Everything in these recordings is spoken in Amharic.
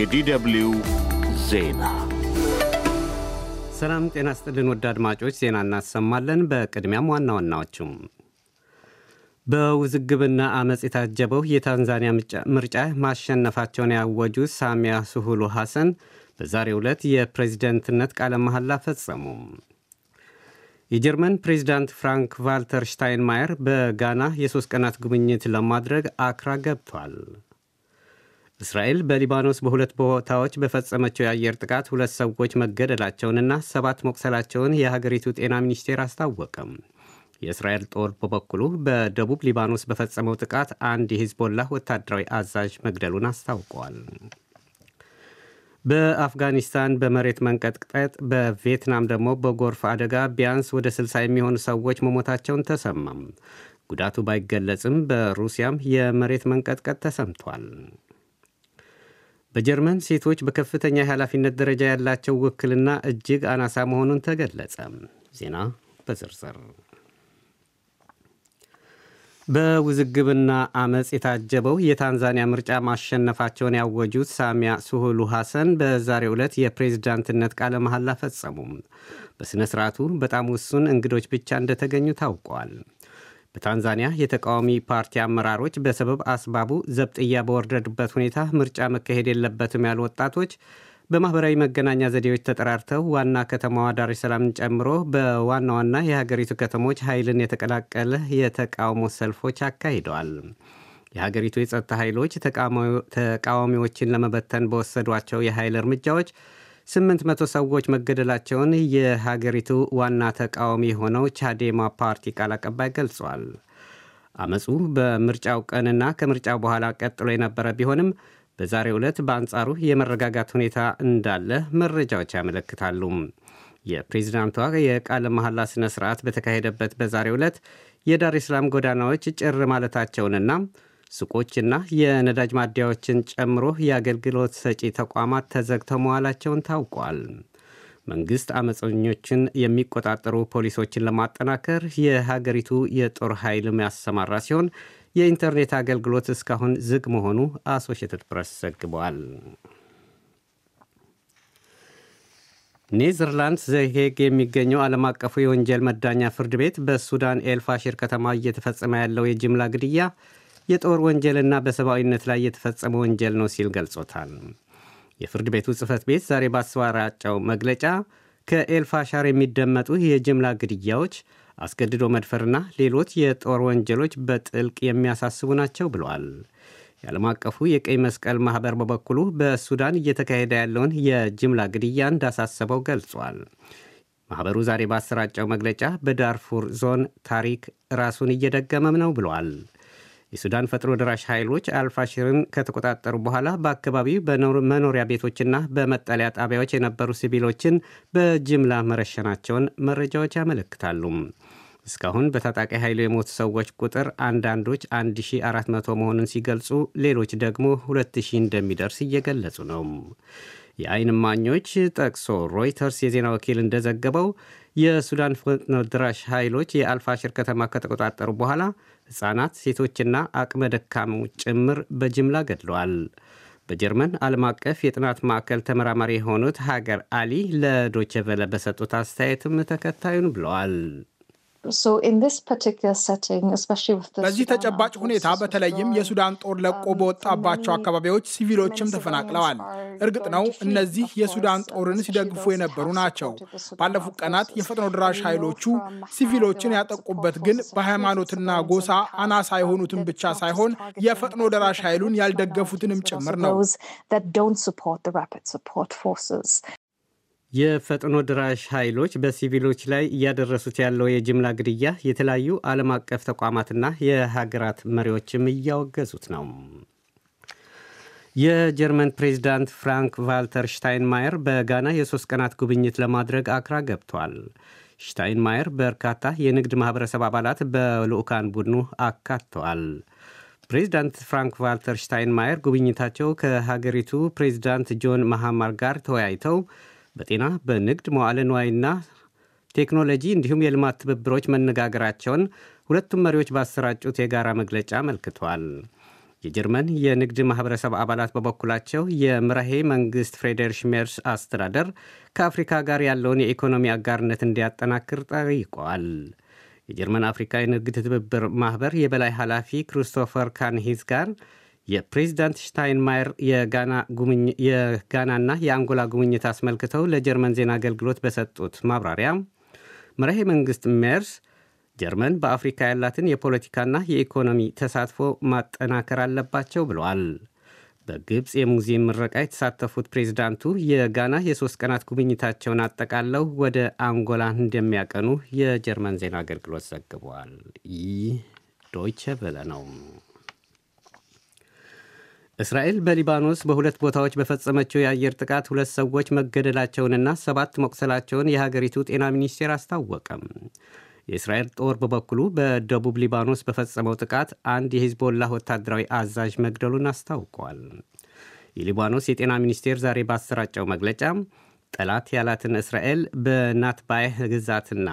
የዲደብልዩ ዜና ሰላም ጤና ስጥልን። ወደ አድማጮች ዜና እናሰማለን። በቅድሚያም ዋና ዋናዎቹም በውዝግብና አመፅ የታጀበው የታንዛኒያ ምርጫ ማሸነፋቸውን ያወጁ ሳሚያ ስሁሉ ሐሰን በዛሬ ዕለት የፕሬዝደንትነት ቃለ መሐላ ፈጸሙ። የጀርመን ፕሬዚዳንት ፍራንክ ቫልተር ሽታይንማየር በጋና የሶስት ቀናት ጉብኝት ለማድረግ አክራ ገብቷል። እስራኤል በሊባኖስ በሁለት ቦታዎች በፈጸመችው የአየር ጥቃት ሁለት ሰዎች መገደላቸውንና ሰባት መቁሰላቸውን የሀገሪቱ ጤና ሚኒስቴር አስታወቀም። የእስራኤል ጦር በበኩሉ በደቡብ ሊባኖስ በፈጸመው ጥቃት አንድ የሂዝቦላህ ወታደራዊ አዛዥ መግደሉን አስታውቋል። በአፍጋኒስታን በመሬት መንቀጥቀጥ፣ በቪየትናም ደግሞ በጎርፍ አደጋ ቢያንስ ወደ 60 የሚሆኑ ሰዎች መሞታቸውን ተሰማም። ጉዳቱ ባይገለጽም በሩሲያም የመሬት መንቀጥቀጥ ተሰምቷል። በጀርመን ሴቶች በከፍተኛ የኃላፊነት ደረጃ ያላቸው ውክልና እጅግ አናሳ መሆኑን ተገለጸ። ዜና በዝርዝር በውዝግብና አመፅ የታጀበው የታንዛኒያ ምርጫ ማሸነፋቸውን ያወጁት ሳሚያ ሱሉሁ ሐሰን በዛሬው ዕለት የፕሬዝዳንትነት ቃለ መሐላ ፈጸሙም። በሥነ ሥርዓቱ በጣም ውሱን እንግዶች ብቻ እንደተገኙ ታውቋል። በታንዛኒያ የተቃዋሚ ፓርቲ አመራሮች በሰበብ አስባቡ ዘብጥያ በወረዱበት ሁኔታ ምርጫ መካሄድ የለበትም ያሉ ወጣቶች በማኅበራዊ መገናኛ ዘዴዎች ተጠራርተው ዋና ከተማዋ ዳር ሰላምን ጨምሮ በዋና ዋና የሀገሪቱ ከተሞች ኃይልን የተቀላቀለ የተቃውሞ ሰልፎች አካሂደዋል። የሀገሪቱ የጸጥታ ኃይሎች ተቃዋሚዎችን ለመበተን በወሰዷቸው የኃይል እርምጃዎች ስምንት መቶ ሰዎች መገደላቸውን የሀገሪቱ ዋና ተቃዋሚ የሆነው ቻዴማ ፓርቲ ቃል አቀባይ ገልጿል። አመፁ በምርጫው ቀንና ከምርጫው በኋላ ቀጥሎ የነበረ ቢሆንም በዛሬው ዕለት በአንጻሩ የመረጋጋት ሁኔታ እንዳለ መረጃዎች ያመለክታሉ። የፕሬዚዳንቷ የቃለ መሐላ ሥነ ሥርዓት በተካሄደበት በዛሬው ዕለት የዳር ሰላም ጎዳናዎች ጭር ማለታቸውንና ሱቆችና የነዳጅ ማደያዎችን ጨምሮ የአገልግሎት ሰጪ ተቋማት ተዘግተው መዋላቸውን ታውቋል። መንግሥት አመፀኞችን የሚቆጣጠሩ ፖሊሶችን ለማጠናከር የሀገሪቱ የጦር ኃይል ያሰማራ ሲሆን የኢንተርኔት አገልግሎት እስካሁን ዝግ መሆኑ አሶሺየትድ ፕሬስ ዘግቧል። ኔዘርላንድስ ዘሄግ የሚገኘው ዓለም አቀፉ የወንጀል መዳኛ ፍርድ ቤት በሱዳን ኤልፋሽር ከተማ እየተፈጸመ ያለው የጅምላ ግድያ የጦር ወንጀልና በሰብአዊነት ላይ የተፈጸመ ወንጀል ነው ሲል ገልጾታል። የፍርድ ቤቱ ጽህፈት ቤት ዛሬ ባሰራጨው መግለጫ ከኤልፋሻር የሚደመጡ የጅምላ ግድያዎች፣ አስገድዶ መድፈርና ሌሎች የጦር ወንጀሎች በጥልቅ የሚያሳስቡ ናቸው ብለዋል። የዓለም አቀፉ የቀይ መስቀል ማኅበር በበኩሉ በሱዳን እየተካሄደ ያለውን የጅምላ ግድያ እንዳሳሰበው ገልጿል። ማኅበሩ ዛሬ ባሰራጨው መግለጫ በዳርፉር ዞን ታሪክ ራሱን እየደገመም ነው ብለዋል። የሱዳን ፈጥኖ ደራሽ ኃይሎች አልፋሽርን ከተቆጣጠሩ በኋላ በአካባቢው በመኖሪያ ቤቶችና በመጠለያ ጣቢያዎች የነበሩ ሲቪሎችን በጅምላ መረሸናቸውን መረጃዎች ያመለክታሉ። እስካሁን በታጣቂ ኃይሉ የሞቱ ሰዎች ቁጥር አንዳንዶች 1400 መሆኑን ሲገልጹ፣ ሌሎች ደግሞ 2000 እንደሚደርስ እየገለጹ ነው። የአይን ማኞች ጠቅሶ ሮይተርስ የዜና ወኪል እንደዘገበው የሱዳን ፈጥኖ ድራሽ ኃይሎች የአልፋሽር ከተማ ከተቆጣጠሩ በኋላ ሕፃናት፣ ሴቶችና አቅመ ደካሙ ጭምር በጅምላ ገድለዋል። በጀርመን ዓለም አቀፍ የጥናት ማዕከል ተመራማሪ የሆኑት ሀገር አሊ ለዶቸቨለ በሰጡት አስተያየትም ተከታዩን ብለዋል። በዚህ ተጨባጭ ሁኔታ በተለይም የሱዳን ጦር ለቆ um, በወጣባቸው አካባቢዎች ሲቪሎችም ተፈናቅለዋል። እርግጥ ነው እነዚህ የሱዳን ጦርን ሲደግፉ የነበሩ ናቸው። ባለፉት ቀናት የፈጥኖ ድራሽ ኃይሎቹ ሲቪሎችን ያጠቁበት ግን በሃይማኖትና ጎሳ አናሳ የሆኑትን ብቻ ሳይሆን የፈጥኖ ደራሽ ኃይሉን ያልደገፉትንም ጭምር ነው። የፈጥኖ ድራሽ ኃይሎች በሲቪሎች ላይ እያደረሱት ያለው የጅምላ ግድያ የተለያዩ ዓለም አቀፍ ተቋማትና የሀገራት መሪዎችም እያወገዙት ነው። የጀርመን ፕሬዚዳንት ፍራንክ ቫልተር ሽታይንማየር በጋና የሶስት ቀናት ጉብኝት ለማድረግ አክራ ገብቷል። ሽታይንማየር በርካታ የንግድ ማኅበረሰብ አባላት በልዑካን ቡድኑ አካተዋል። ፕሬዚዳንት ፍራንክ ቫልተር ሽታይንማየር ጉብኝታቸው ከሀገሪቱ ፕሬዚዳንት ጆን መሐማር ጋር ተወያይተው በጤና በንግድ መዋለ ንዋይና ቴክኖሎጂ እንዲሁም የልማት ትብብሮች መነጋገራቸውን ሁለቱም መሪዎች ባሰራጩት የጋራ መግለጫ አመልክቷል። የጀርመን የንግድ ማህበረሰብ አባላት በበኩላቸው የምራሄ መንግስት ፍሬድሪሽ ሜርስ አስተዳደር ከአፍሪካ ጋር ያለውን የኢኮኖሚ አጋርነት እንዲያጠናክር ጠይቋል የጀርመን አፍሪካ የንግድ ትብብር ማህበር የበላይ ኃላፊ ክሪስቶፈር ካንሂዝ ጋር የፕሬዚዳንት ሽታይንማየር የጋናና የአንጎላ ጉብኝት አስመልክተው ለጀርመን ዜና አገልግሎት በሰጡት ማብራሪያ መራሄ መንግስት ሜርስ ጀርመን በአፍሪካ ያላትን የፖለቲካና የኢኮኖሚ ተሳትፎ ማጠናከር አለባቸው ብለዋል። በግብፅ የሙዚየም ምረቃ የተሳተፉት ፕሬዚዳንቱ የጋና የሶስት ቀናት ጉብኝታቸውን አጠቃለው ወደ አንጎላ እንደሚያቀኑ የጀርመን ዜና አገልግሎት ዘግቧል። ይህ ዶይቸ ቬለ ነው። እስራኤል በሊባኖስ በሁለት ቦታዎች በፈጸመችው የአየር ጥቃት ሁለት ሰዎች መገደላቸውንና ሰባት መቁሰላቸውን የሀገሪቱ ጤና ሚኒስቴር አስታወቀም። የእስራኤል ጦር በበኩሉ በደቡብ ሊባኖስ በፈጸመው ጥቃት አንድ የሂዝቦላ ወታደራዊ አዛዥ መግደሉን አስታውቋል። የሊባኖስ የጤና ሚኒስቴር ዛሬ ባሰራጨው መግለጫ ጠላት ያላትን እስራኤል በናትባይህ ግዛትና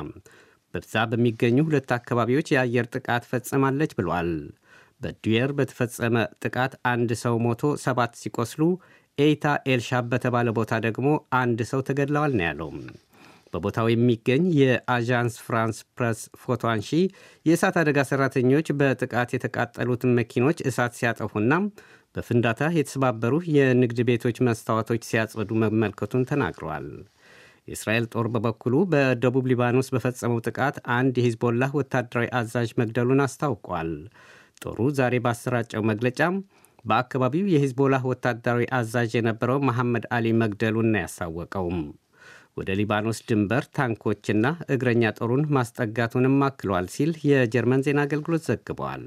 በብዛ በሚገኙ ሁለት አካባቢዎች የአየር ጥቃት ፈጽማለች ብሏል። በዱየር በተፈጸመ ጥቃት አንድ ሰው ሞቶ ሰባት ሲቆስሉ ኤይታ ኤልሻብ በተባለ ቦታ ደግሞ አንድ ሰው ተገድለዋል ነው ያለው። በቦታው የሚገኝ የአዣንስ ፍራንስ ፕረስ ፎቶ አንሺ የእሳት አደጋ ሰራተኞች በጥቃት የተቃጠሉትን መኪኖች እሳት ሲያጠፉና በፍንዳታ የተሰባበሩ የንግድ ቤቶች መስታወቶች ሲያጸዱ መመልከቱን ተናግረዋል። የእስራኤል ጦር በበኩሉ በደቡብ ሊባኖስ በፈጸመው ጥቃት አንድ የሂዝቦላህ ወታደራዊ አዛዥ መግደሉን አስታውቋል። ጦሩ ዛሬ ባሰራጨው መግለጫም በአካባቢው የሂዝቦላህ ወታደራዊ አዛዥ የነበረው መሐመድ አሊ መግደሉን ያሳወቀውም። ወደ ሊባኖስ ድንበር ታንኮችና እግረኛ ጦሩን ማስጠጋቱንም አክሏል ሲል የጀርመን ዜና አገልግሎት ዘግበዋል።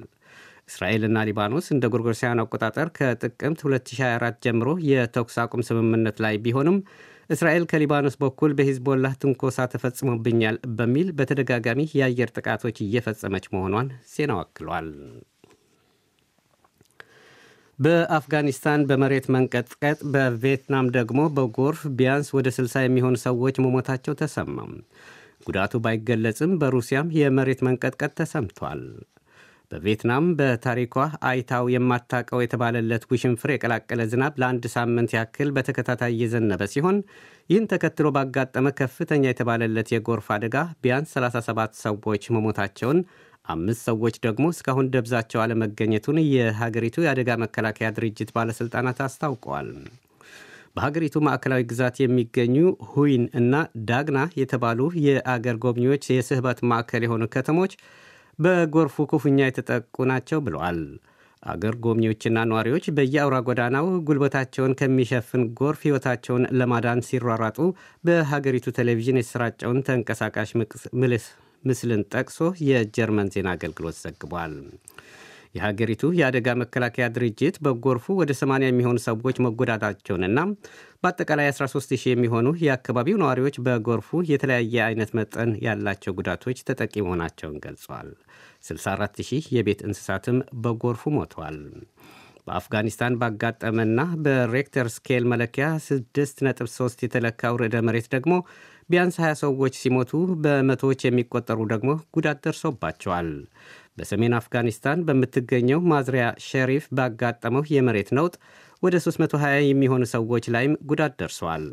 እስራኤልና ሊባኖስ እንደ ጎርጎርሳውያን አቆጣጠር ከጥቅምት 2024 ጀምሮ የተኩስ አቁም ስምምነት ላይ ቢሆንም እስራኤል ከሊባኖስ በኩል በሂዝቦላህ ትንኮሳ ተፈጽሞብኛል በሚል በተደጋጋሚ የአየር ጥቃቶች እየፈጸመች መሆኗን ዜናው አክሏል። በአፍጋኒስታን በመሬት መንቀጥቀጥ በቪየትናም ደግሞ በጎርፍ ቢያንስ ወደ 60 የሚሆኑ ሰዎች መሞታቸው ተሰማ። ጉዳቱ ባይገለጽም በሩሲያም የመሬት መንቀጥቀጥ ተሰምቷል። በቪየትናም በታሪኳ አይታው የማታቀው የተባለለት ውሽንፍር የቀላቀለ ዝናብ ለአንድ ሳምንት ያክል በተከታታይ እየዘነበ ሲሆን ይህን ተከትሎ ባጋጠመ ከፍተኛ የተባለለት የጎርፍ አደጋ ቢያንስ 37 ሰዎች መሞታቸውን አምስት ሰዎች ደግሞ እስካሁን ደብዛቸው አለመገኘቱን የሀገሪቱ የአደጋ መከላከያ ድርጅት ባለሥልጣናት አስታውቀዋል። በሀገሪቱ ማዕከላዊ ግዛት የሚገኙ ሁይን እና ዳግና የተባሉ የአገር ጎብኚዎች የስህበት ማዕከል የሆኑ ከተሞች በጎርፉ ክፉኛ የተጠቁ ናቸው ብለዋል። አገር ጎብኚዎችና ነዋሪዎች በየአውራ ጎዳናው ጉልበታቸውን ከሚሸፍን ጎርፍ ሕይወታቸውን ለማዳን ሲሯራጡ በሀገሪቱ ቴሌቪዥን የተሰራጨውን ተንቀሳቃሽ ምልስ ምስልን ጠቅሶ የጀርመን ዜና አገልግሎት ዘግቧል። የሀገሪቱ የአደጋ መከላከያ ድርጅት በጎርፉ ወደ 80 የሚሆኑ ሰዎች መጎዳታቸውንና በአጠቃላይ 13 ሺህ የሚሆኑ የአካባቢው ነዋሪዎች በጎርፉ የተለያየ አይነት መጠን ያላቸው ጉዳቶች ተጠቂ መሆናቸውን ገልጿል። 64 ሺህ የቤት እንስሳትም በጎርፉ ሞተዋል። በአፍጋኒስታን ባጋጠመና በሬክተር ስኬል መለኪያ 6.3 የተለካው ርዕደ መሬት ደግሞ ቢያንስ 20 ሰዎች ሲሞቱ በመቶዎች የሚቆጠሩ ደግሞ ጉዳት ደርሶባቸዋል። በሰሜን አፍጋኒስታን በምትገኘው ማዝሪያ ሸሪፍ ባጋጠመው የመሬት ነውጥ ወደ 320 የሚሆኑ ሰዎች ላይም ጉዳት ደርሷል።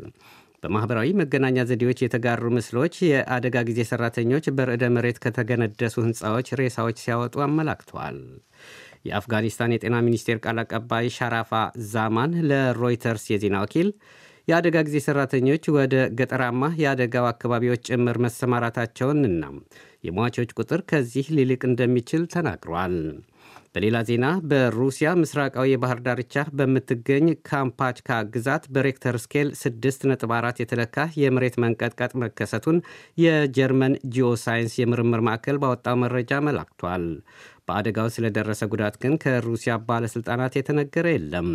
በማኅበራዊ መገናኛ ዘዴዎች የተጋሩ ምስሎች የአደጋ ጊዜ ሠራተኞች በርዕደ መሬት ከተገነደሱ ሕንፃዎች ሬሳዎች ሲያወጡ አመላክተዋል። የአፍጋኒስታን የጤና ሚኒስቴር ቃል አቀባይ ሻራፋ ዛማን ለሮይተርስ የዜና ወኪል የአደጋ ጊዜ ሰራተኞች ወደ ገጠራማ የአደጋው አካባቢዎች ጭምር መሰማራታቸውንና የሟቾች ቁጥር ከዚህ ሊልቅ እንደሚችል ተናግሯል። በሌላ ዜና በሩሲያ ምስራቃዊ የባህር ዳርቻ በምትገኝ ካምፓችካ ግዛት በሬክተር ስኬል 4 የተለካ የመሬት መንቀጥቀጥ መከሰቱን የጀርመን ጂኦሳይንስ የምርምር ማዕከል ባወጣው መረጃ መላክቷል። በአደጋው ስለደረሰ ጉዳት ግን ከሩሲያ ባለሥልጣናት የተነገረ የለም።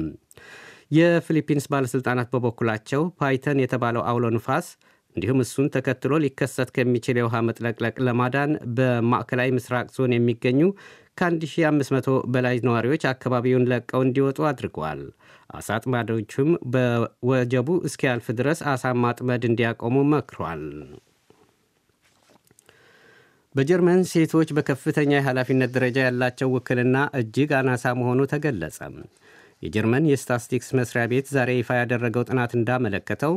የፊሊፒንስ ባለሥልጣናት በበኩላቸው ፓይተን የተባለው አውሎ ንፋስ እንዲሁም እሱን ተከትሎ ሊከሰት ከሚችል የውሃ መጥለቅለቅ ለማዳን በማዕከላዊ ምስራቅ ዞን የሚገኙ ከ1500 በላይ ነዋሪዎች አካባቢውን ለቀው እንዲወጡ አድርገዋል። አሳ አጥማጆቹም በወጀቡ እስኪያልፍ ድረስ አሳ ማጥመድ እንዲያቆሙ መክሯል። በጀርመን ሴቶች በከፍተኛ የኃላፊነት ደረጃ ያላቸው ውክልና እጅግ አናሳ መሆኑ ተገለጸ። የጀርመን የስታስቲክስ መስሪያ ቤት ዛሬ ይፋ ያደረገው ጥናት እንዳመለከተው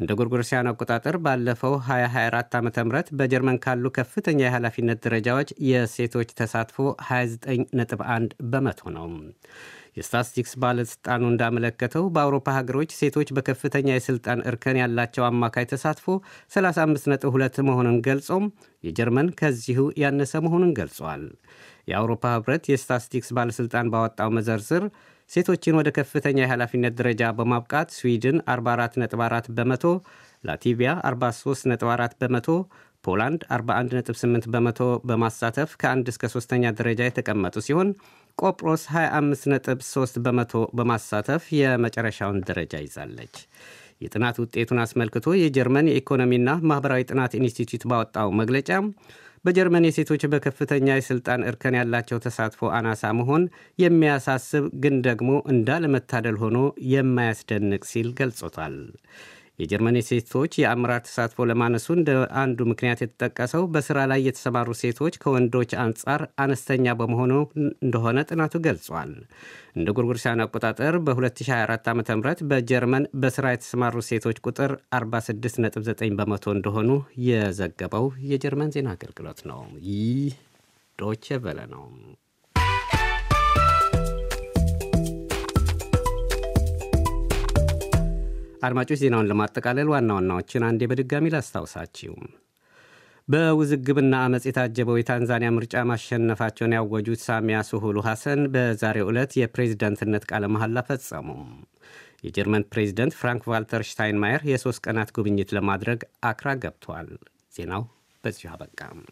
እንደ ጎርጎሮሳውያን አቆጣጠር ባለፈው 2024 ዓ ም በጀርመን ካሉ ከፍተኛ የኃላፊነት ደረጃዎች የሴቶች ተሳትፎ 29.1 በመቶ ነው። የስታስቲክስ ባለሥልጣኑ እንዳመለከተው በአውሮፓ ሀገሮች ሴቶች በከፍተኛ የሥልጣን እርከን ያላቸው አማካይ ተሳትፎ 35.2 መሆኑን ገልጾም የጀርመን ከዚሁ ያነሰ መሆኑን ገልጿል። የአውሮፓ ኅብረት የስታስቲክስ ባለሥልጣን ባወጣው መዘርዝር ሴቶችን ወደ ከፍተኛ የኃላፊነት ደረጃ በማብቃት ስዊድን 44.4 በመቶ፣ ላቲቪያ 43.4 በመቶ፣ ፖላንድ 41.8 በመቶ በማሳተፍ ከአንድ እስከ ሶስተኛ ደረጃ የተቀመጡ ሲሆን ቆጵሮስ 25.3 በመቶ በማሳተፍ የመጨረሻውን ደረጃ ይዛለች። የጥናት ውጤቱን አስመልክቶ የጀርመን የኢኮኖሚና ማኅበራዊ ጥናት ኢንስቲትዩት ባወጣው መግለጫ በጀርመን የሴቶች በከፍተኛ የሥልጣን እርከን ያላቸው ተሳትፎ አናሳ መሆን የሚያሳስብ ግን ደግሞ እንዳለመታደል ሆኖ የማያስደንቅ ሲል ገልጾታል። የጀርመን ሴቶች የአመራር ተሳትፎ ለማነሱ እንደ አንዱ ምክንያት የተጠቀሰው በስራ ላይ የተሰማሩ ሴቶች ከወንዶች አንጻር አነስተኛ በመሆኑ እንደሆነ ጥናቱ ገልጿል። እንደ ጎርጎሮሳውያን አቆጣጠር በ2024 ዓ ም በጀርመን በስራ የተሰማሩ ሴቶች ቁጥር 46.9 በመቶ እንደሆኑ የዘገበው የጀርመን ዜና አገልግሎት ነው። ይህ ዶቼ ቬለ ነው። አድማጮች ዜናውን ለማጠቃለል ዋና ዋናዎችን አንዴ በድጋሚ ላስታውሳችሁ። በውዝግብና አመፅ የታጀበው የታንዛኒያ ምርጫ ማሸነፋቸውን ያወጁት ሳሚያ ሱሉሁ ሐሰን በዛሬው ዕለት የፕሬዝደንትነት ቃለ መሐላ ፈጸሙ። የጀርመን ፕሬዝደንት ፍራንክ ቫልተር ሽታይንማየር የሦስት ቀናት ጉብኝት ለማድረግ አክራ ገብቷል። ዜናው በዚሁ አበቃም።